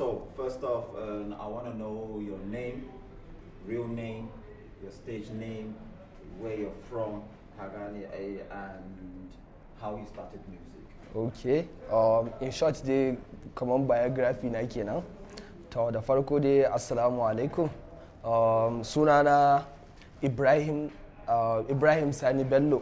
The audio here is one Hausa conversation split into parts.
So, first off, um, I want to know your name, real name, your stage name, where you're from, Hagani and how you started music. Okay. Um, in short, the kamar biography na kenan. To da farko de assalamu alaikum. Um, sunana Ibrahim uh, Ibrahim Sani Bello.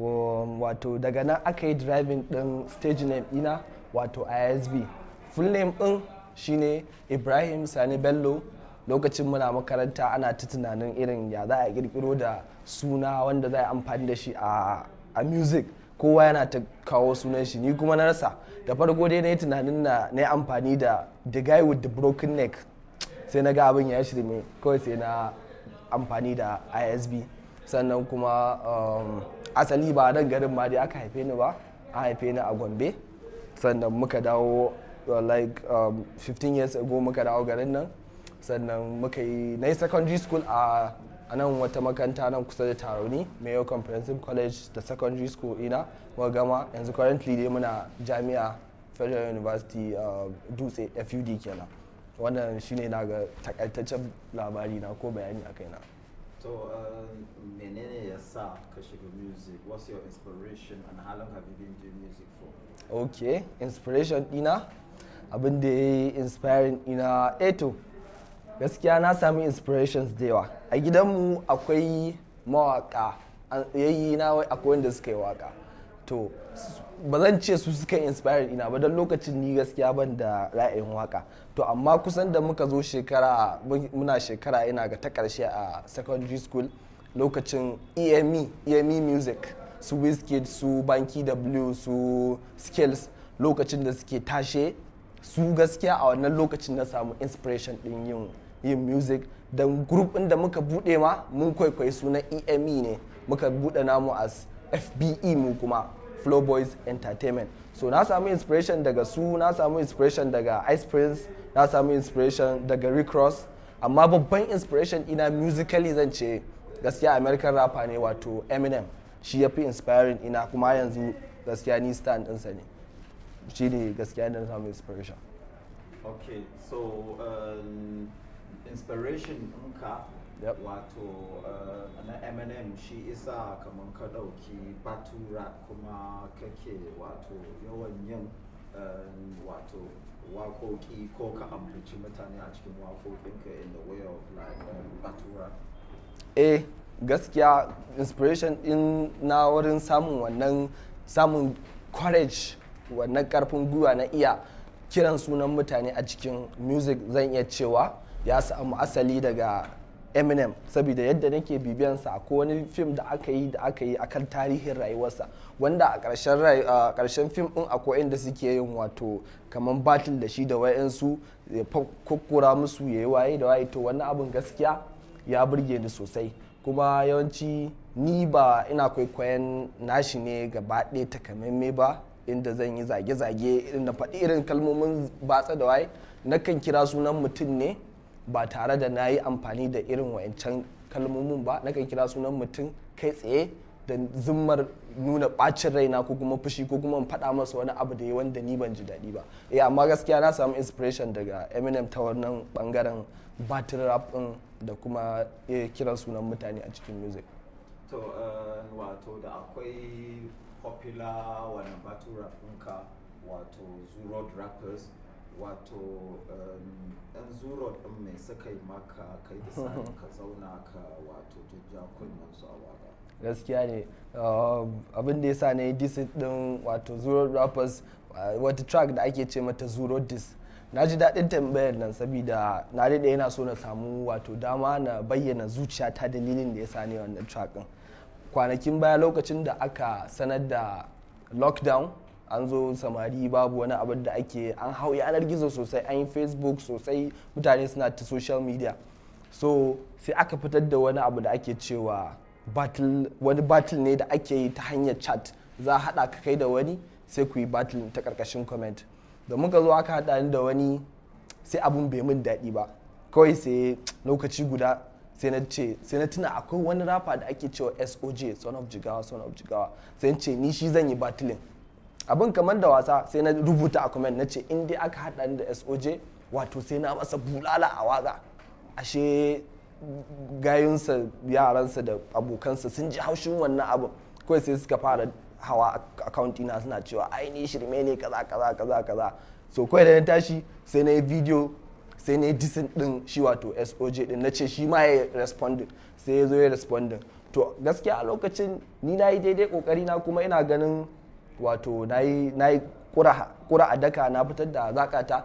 Um, wato daga nan aka yi driving ɗin stage name ina wato ISB. Full name um, shine ibrahim sani bello lokacin muna makaranta ana ta tunanin irin ya za a kirkiro da suna wanda za a amfani da shi a music kowa yana ta kawo sunan shi ni kuma na rasa da farko dai na yi tunanin na na amfani da the guy with the broken neck sai na ga abin ya shirme kawai sai na amfani da isb sannan kuma um, asali ba nan garin ma dai aka haife ni ba a haife ni a gombe sannan muka dawo like um, 15 years ago muka dawo garin nan sannan muka yi na yi secondary school a a nan wata makanta nan kusa da taroni mayo comprehensive college da secondary school ina muka gama yanzu currently dai muna jami'a federal university um, dutse fud kenan wannan shine na ga takaitaccen labari na ko bayani a kaina So, um, menene ya sa ka shiga music? What's your inspiration and how long have you been doing music for? Okay, inspiration dina abin da ya yi inspiring ina eto eh gaskiya na sami inspirations da yawa a gidanmu akwai mawaka yayi na akwai wanda suka yi waka to ba zan ce su suka inspire ina ba don lokacin ni gaskiya ban da ra'ayin waka to amma kusan da muka zo shekara muna shekara ina ga ta karshe a secondary school lokacin eme eme music su wizkid su banki w su skills lokacin da suke tashe su gaskiya a wannan lokacin na samu inspiration din yin yin music don group ɗin da muka bude ma mun kwaikwayi suna eme ne muka bude namu as fbe mu kuma flow boys entertainment so na samu inspiration daga su na samu inspiration daga ice prince na samu inspiration daga rick ross amma babban inspiration ina musically zan ce gaskiya american rapper ne wato eminem shi ya fi inspiring ina kuma yanzu gaskiya ni stand ɗinsa ne shi ne gaskiya na samun inspiration okay so um, inspiration ɗinka yep. wato uh, na MNM shi isa kamar ka ɗauki batura kuma kake wato yawan yin um, wato wakoki ko ka amfici mutane a cikin waƙoƙinka in the way of like um, batura eh gaskiya inspiration in na wurin samun wannan samun courage wannan karfin gwiwa na iya kiran sunan mutane a cikin music zan iya cewa ya samu asali daga eminem saboda yadda nake sa ko wani fim da aka yi da aka yi akan tarihin rayuwarsa wanda a ƙarshen fim din akwai inda suke yin wato kamar battle da shi da wayansu ya kokkura musu ya yi waye da waye to wani abin gaskiya ya burge ni sosai kuma yawanci ni ba ina kwaikwayon nashi ne gaba ɗaya takamaimai ba inda zan yi zage-zage na faɗi irin kalmomin batsa da waye na kan kira sunan mutum ne ba tare da na yi amfani da irin wayancan kalmomin ba na kan kira sunan mutum kai tsaye da zimmar nuna ɓacin raina ko kuma fushi ko kuma in faɗa masa wani abu da ya wanda ni ban ji daɗi ba eh amma gaskiya na samu inspiration daga Eminem ta wannan bangaren battle rap da kuma eh, kiran sunan mutane a cikin music to eh, wato da akwai popular wannan battle rap ɗinka wato zuro rappers wato eh, ɗan zuro ɗin mai suka yi maka kai da ka zauna ka wato jujja kunnen su a waka gaskiya ne eh, abin da ya sa na yi disit ɗin wato zuro rappers wata track da ake ce mata zuro disc na ji daɗin tambayar nan saboda na daɗe yana so na samu wato dama na bayyana zuciya ta dalilin da ya sa ne wannan trakin kwanakin baya lokacin da aka sanar da lockdown an zo samari babu wani abin da ake an hau yanar gizo sosai an yi facebook sosai mutane suna ta social media so sai aka fitar da wani abu da ake cewa wani battle ne da ake yi ta hanyar chat za a haɗa ka kai da wani sai ku yi battle ta ƙarƙashin comment da muka zo aka haɗa ni da wani sai abun bai mun daɗi ba kawai sai lokaci guda sai na ce sai na tuna akwai wani rafa da ake cewa SOJ son of jigawa son of jigawa sai ce ni shi zan yi battling abin kamar da wasa sai na rubuta a comment na ce in dai aka haɗa ni da SOJ wato sai na masa bulala a waga ashe gayunsa yaransa da abokansa sun ji haushin wannan abin kawai sai suka fara hawa account na suna cewa ai ni shirme ne kaza kaza kaza kaza so kai da na tashi sai na yi video sai na yi disin din shi wato soj din na ce shi ma ya respondin sai ya zo ya respondin to gaskiya a lokacin ni na yi daidai kokari na kuma ina ganin wato na yi kura a daka na fitar da zakata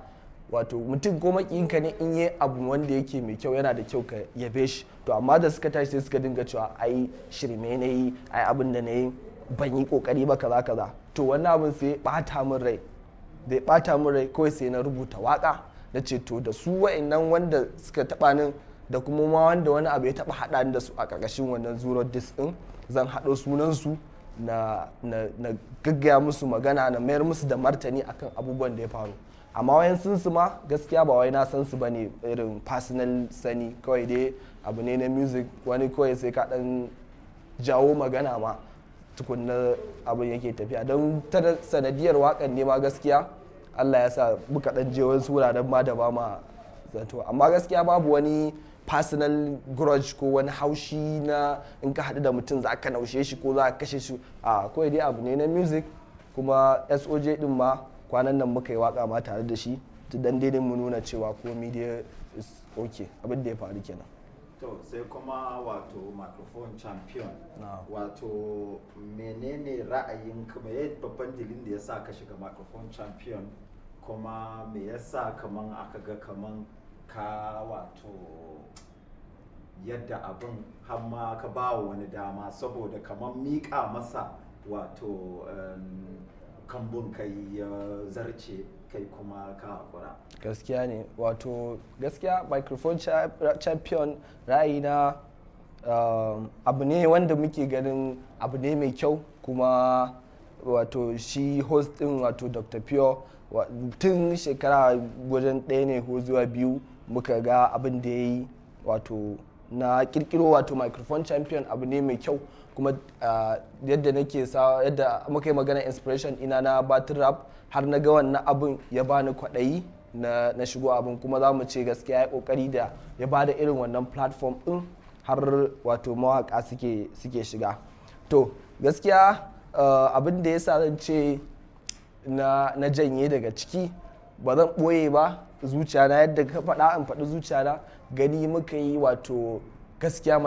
wato mutum ko ka ne in yi abu wanda yake mai kyau yana da kyau ka yabe shi to amma da suka tashi sai suka dinga cewa ai shirme na yi ai abin da na yi ban yi kokari ba kaza kaza to wannan abin sai bata min rai da bata min rai kawai sai na rubuta waka na ce to da su wa'annan wanda suka taba nin da kuma ma wanda wani abu ya taba hada da su a karkashin wannan zuro disk din zan hado sunan su na na, na gaggaya musu magana na mayar musu da martani akan abubuwan da ya faru amma wayan sun su ma gaskiya ba wai na san su bane irin personal sani kawai dai abu ne na music wani kawai sai ka dan jawo magana ma tukunna abin yake tafiya don ta sanadiyar wakan ne ma gaskiya allah ya sa muka dan je sura wuraren ma da ba ma zato amma gaskiya babu wani personal grudge ko wani haushi na in ka haɗu da mutum za ka naushe shi ko za ka kashe shi a kawai dai abu ne na music kuma soj din ma kwanan nan muka yi waka ma tare da shi dan daidai mu nuna cewa komi dai is okay abin da ya faru kenan to sai kuma wato microphone champion wato menene ra'ayin kuma ya babban dalilin da ya sa ka shiga microphone champion kuma me yasa kaman aka ga kaman ka wato yadda abin hamma ka ba wani dama saboda kaman miƙa masa wato um, kambun kai ya zarce kai kuma ka hakura gaskiya ne wato gaskiya microphone champion ra'ayi na um, abu ne wanda muke ganin abu ne mai kyau kuma wato shi host din wato dr pio tun shekara wajen ɗaya ne ko zuwa biyu muka ga abin da ya yi wato na kirkiro wato microphone champion abu ne mai kyau kuma ah, yadda nake sa yadda muka yi magana inspiration ina na battle rap har na ga wannan abun ya bani kwaɗayi na, shigo abin kuma za mu ce gaskiya ya kokari da ya ba da irin wannan platform ɗin har wato mawaka suke, shiga to gaskiya ah, abin da ya sa zan ce na janye daga ciki ba zan ɓoye ba zuciya na yadda ka faɗa in faɗi zuciya na gani muka yi wato gaskiya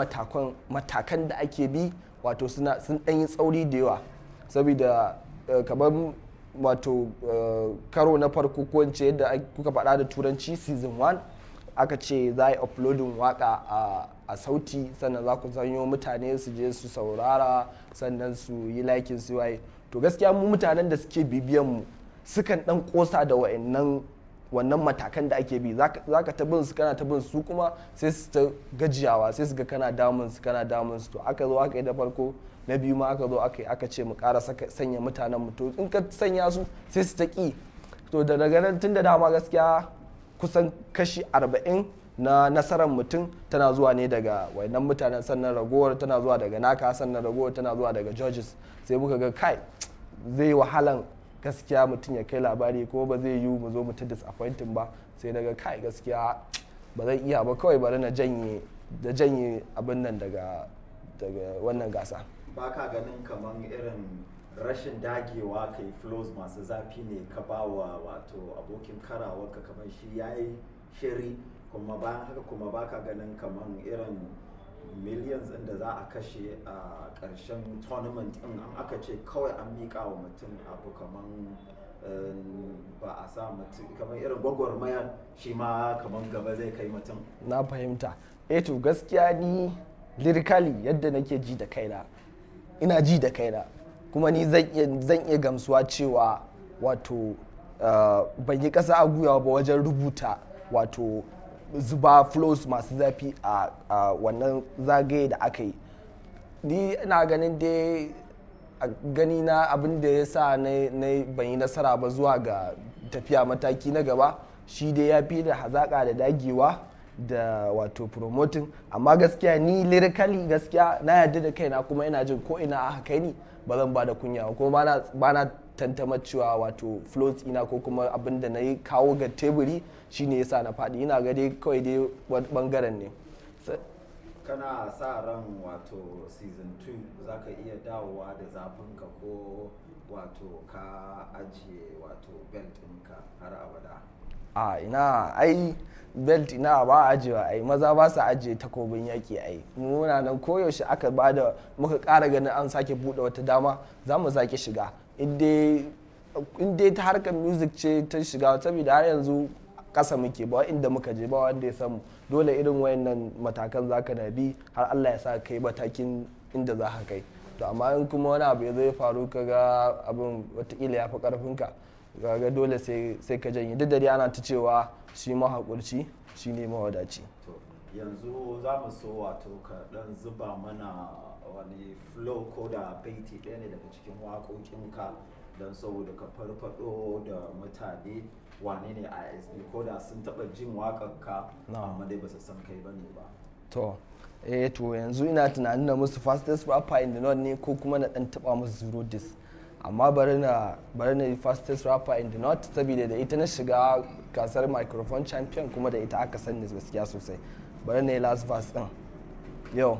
matakan da ake bi wato sun ɗan yi tsauri da yawa saboda eh, kamar wato eh, karo na farko ko in yadda kuka faɗa da turanci season 1 aka ce za a uploadin waka a sauti sannan za ku zanyo mutane su je su saurara sannan su yi likin su yi to gaskiya mu mutanen da suke bibiyan mu sukan dan kosa da wa'annan wannan matakan da ake bi za ka ta bin su kana ta bin su kuma sai su ta gajiyawa sai su ga kana damun su kana damun su to aka zo aka yi da farko na biyu ma aka zo aka yi aka ce mu ƙara sanya mutanen mu to in ka sanya su sai su ta ƙi to da daga nan tun da dama gaskiya kusan kashi arba'in na nasarar mutum tana zuwa ne daga wainan mutanen sannan ragowar tana zuwa daga naka sannan ragowar tana zuwa daga judges sai muka ga kai zai wahalan gaskiya mutum ya kai labari ko ba zai yi mu zo mu ta disappointing ba sai daga kai gaskiya ba zan iya ba kawai bari na janye da janye abin nan daga daga wannan gasa ba ka ganin kaman irin rashin dagewa kai flows masu zafi ne ka ba wa wato abokin ka kamar shi yayi shiri kuma ba haka kuma baka ganin kamar irin millions ɗin da za a kashe a ƙarshen tournament ɗin an aka ce kawai an miƙa wa mutum abu kamar eh, ba a sa mutum kamar irin gwagwarmayar shi ma kamar gaba zai kai mutum na fahimta eh to gaskiya ni lirikali yadda nake ji da kaina ina ji da kaina kuma ni zan iya gamsuwa cewa wato eh, ban yi ƙasa a gwiwa ba wajen rubuta wato zuba flows masu zafi a wannan zagaye da aka yi ni ina ganin dai a gani na abin da ya sa na ban yi nasara ba zuwa ga tafiya mataki na gaba shi dai ya fi da hazaƙa da dagewa da wato promoting amma gaskiya ni lyrically gaskiya na yarda da kaina kuma ina jin ko ina aka kai ni ba zan ba da kunya kuma ba na tantama cewa wato float ina ko kuma abin da na yi kawo ga teburi shine yasa na faɗi ina ga dai kawai dai bangaren ne kana sa ran wato season 2 za ka iya dawowa da zafin ka ko wato ka ajiye wato belt ɗinka har abada a ina ai belt ina ba ajiyewa ai maza ba su ajiye takobin yaƙi ai muna nan koyaushe aka ba da muka ƙara ganin an sake buɗe wata dama za mu sake shiga in dai ta harkar music ce ta shiga saboda har yanzu kasa muke ba inda muka je ba wanda ya samu dole irin wayannan matakan zaka na bi har Allah ya sa kai matakin inda za ka kai to amma in kuma wani abu ya zai faru ka ga abin watakila ya fi ka ga dole sai ka janye duk da ana ta cewa shi mahaƙurci shi ne mawadaci yanzu za mu so wato ka dan zuba mana wani flow ko da baiti ɗaya ne daga cikin waƙoƙinka don saboda ka farfaɗo da mutane wane ne a isb ko da sun taɓa jin waƙarka amma dai ba su san kai ba ne ba to eh to yanzu ina tunanin na musu fastest rapper in the north ne ko kuma na ɗan taɓa musu zero disc amma bari na bari fastest rapper in the north saboda da ita na shiga gasar microphone champion kuma da ita aka sani gaskiya sosai But then the last verse, uh, yo,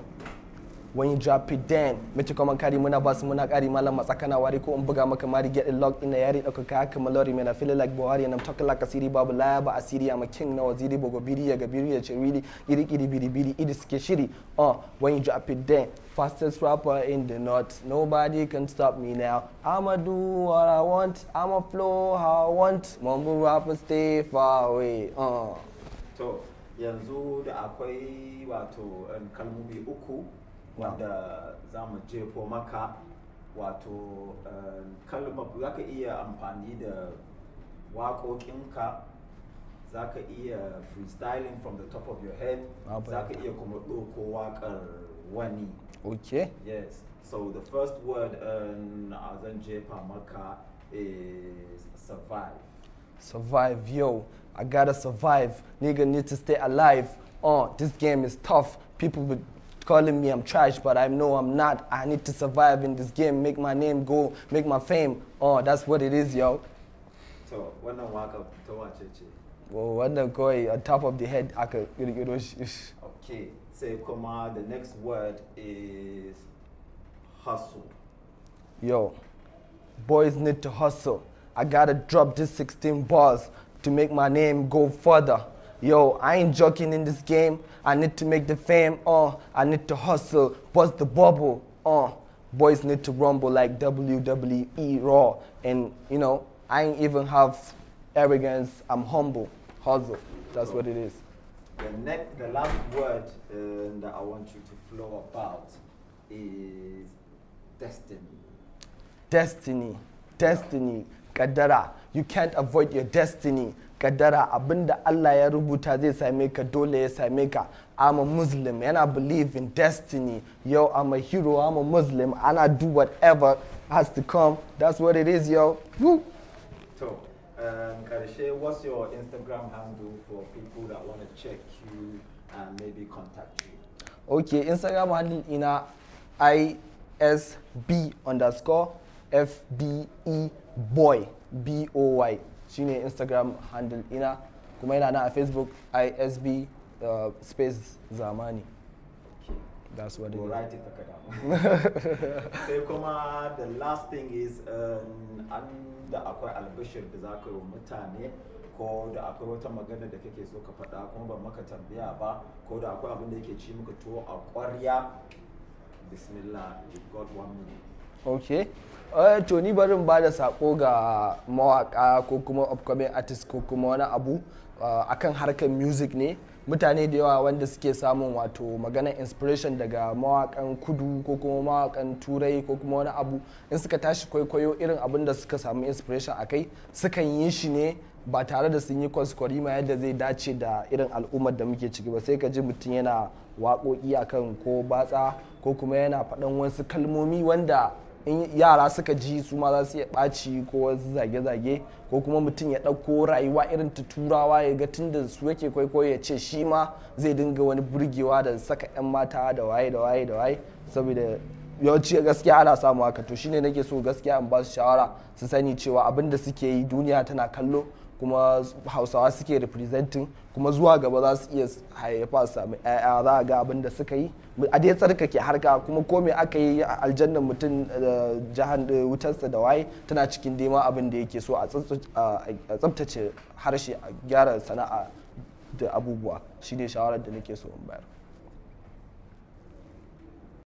when you drop it down, mace kuma kari muna ba su muna kari malam matsakana wari ko in buga maka mari get locked in the yari ɗauka ka haka malori mai na feel like buhari and I'm talking like a asiri babu laya a asiri I'm a king now, waziri bogo biri ya gabiri a ce really iri iri biri biri idi suke shiri uh, when you drop it then fastest rapper in the north nobody can stop me now I'ma do what I want I'ma flow how I want mumble rapper stay far away uh. So. yanzu da akwai wato um, kalmomi uku wanda za mu jefo maka wato um, kalmar za ka iya amfani da waƙoƙinka za ka iya freestyling from the top of your head za ka iya kuma ɗoko waƙar wani okay yes so the first word um, a zan jefa maka is survive survive. Yo, I gotta survive. Nigga need to stay alive. Oh, this game is tough. People be calling me I'm trash, but I know I'm not. I need to survive in this game, make my name go, make my fame. Oh, that's what it is, yo. So when I up, to watch it. Well, when I go on top of the head I aka kirkiro shi. Okay, come on, the next word is hustle. Yo, boys need to hustle. I gotta drop these 16 bars to make my name go further. Yo, I ain't joking in this game. I need to make the fame, uh. I need to hustle, bust the bubble, uh. Boys need to rumble like WWE Raw. And, you know, I ain't even have arrogance. I'm humble. Hustle. That's what it is. The, next, the last word uh, that I want you to flow about is destiny. Destiny. Destiny. kaddara you can't avoid your destiny kaddara abinda Allah ya rubuta zai same ka dole ya same ka I'm a Muslim and I believe in destiny yo I'm a hero I'm a Muslim and I do whatever has to come that's what it is yo Woo. So um, Karishe, what's your Instagram handle for people that want to check you and maybe contact you? Okay, Instagram handle ina B underscore E boy boy shine instagram handle ina kuma yana na a facebook isb uh, space zamani That's what it is. Sai kuma the last thing is uh, an da akwai albashir da za ka yi wa mutane ko da akwai wata magana da kake so ka faɗa kuma ban maka tambaya ba ko da akwai abin da yake ci muka tuwo a ƙwarya bismillah you've got one minute ok eh, to ni barin ba da sako ga mawaka ko kuma upcoming artist ko kuma wani abu eh, akan harkar music ne mutane da yawa wanda suke samun wato magana inspiration daga mawakan kudu ko kuma mawakan turai ko kuma wani abu in suka tashi kwaikwayo irin abin da suka samu inspiration a kai sukan yi shi ne ba tare da sun yi kwaskwari ma yadda zai dace da irin al'ummar da muke ciki ba sai ka ji mutum yana waƙoƙi akan ko batsa ko kuma yana faɗan wasu kalmomi wanda in yara suka ji su ma za su iya ɓaci ko wasu zage-zage ko kuma mutum ya ɗauko rayuwa irin ta turawa ya ga tunda su yake kwaikwayo ya ce shi ma zai dinga wani burgewa da saka 'yan mata da waye da waye da waye saboda yawanci gaskiya ana samu haka to shine nake so gaskiya in ba su shawara su sani cewa abin da suke yi duniya tana kallo kuma hausawa suke representing kuma zuwa gaba za su iya haifa samu ya'ya za a ga abin da suka yi a dai tsarkake harka kuma ko me aka yi aljannan mutum da eh, jihar eh, wutarsa da waye tana cikin dema abin da yake so a tsabtace harshe a gyara sana'a da abubuwa shine shawarar da nake so in bayar